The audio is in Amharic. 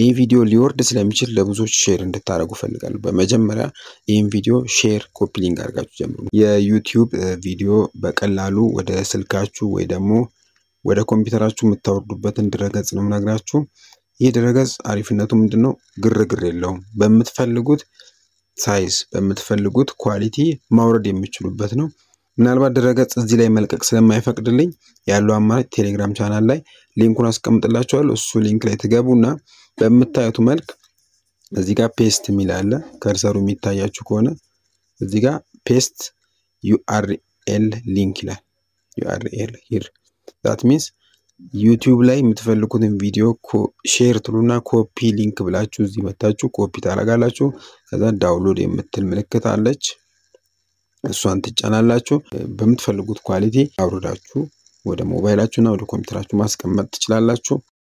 ይህ ቪዲዮ ሊወርድ ስለሚችል ለብዙዎች ሼር እንድታደርጉ ፈልጋለሁ። በመጀመሪያ ይህን ቪዲዮ ሼር ኮፒሊንግ አድርጋችሁ ጀምሩ። የዩቲዩብ ቪዲዮ በቀላሉ ወደ ስልካችሁ ወይ ደግሞ ወደ ኮምፒውተራችሁ የምታወርዱበትን ድረገጽ ነው የምነግራችሁ። ይህ ድረገጽ አሪፍነቱ ምንድን ነው? ግርግር የለውም። በምትፈልጉት ሳይዝ በምትፈልጉት ኳሊቲ ማውረድ የሚችሉበት ነው። ምናልባት ድረገጽ እዚህ ላይ መልቀቅ ስለማይፈቅድልኝ ያለው አማራጭ ቴሌግራም ቻናል ላይ ሊንኩን አስቀምጥላችኋለሁ። እሱ ሊንክ ላይ ትገቡና በምታዩት መልክ እዚህ ጋር ፔስት የሚል አለ። ከርሰሩ የሚታያችሁ ከሆነ እዚህ ጋር ፔስት ዩአርኤል ሊንክ ይላል። ዩአርኤል ሂር ዛት ሚንስ ዩቲዩብ ላይ የምትፈልጉትን ቪዲዮ ሼር ትሉና ኮፒ ሊንክ ብላችሁ እዚህ መታችሁ ኮፒ ታደርጋላችሁ። ከዛ ዳውንሎድ የምትል ምልክት አለች። እሷን ትጫናላችሁ። በምትፈልጉት ኳሊቲ አውርዳችሁ ወደ ሞባይላችሁና ወደ ኮምፒውተራችሁ ማስቀመጥ ትችላላችሁ።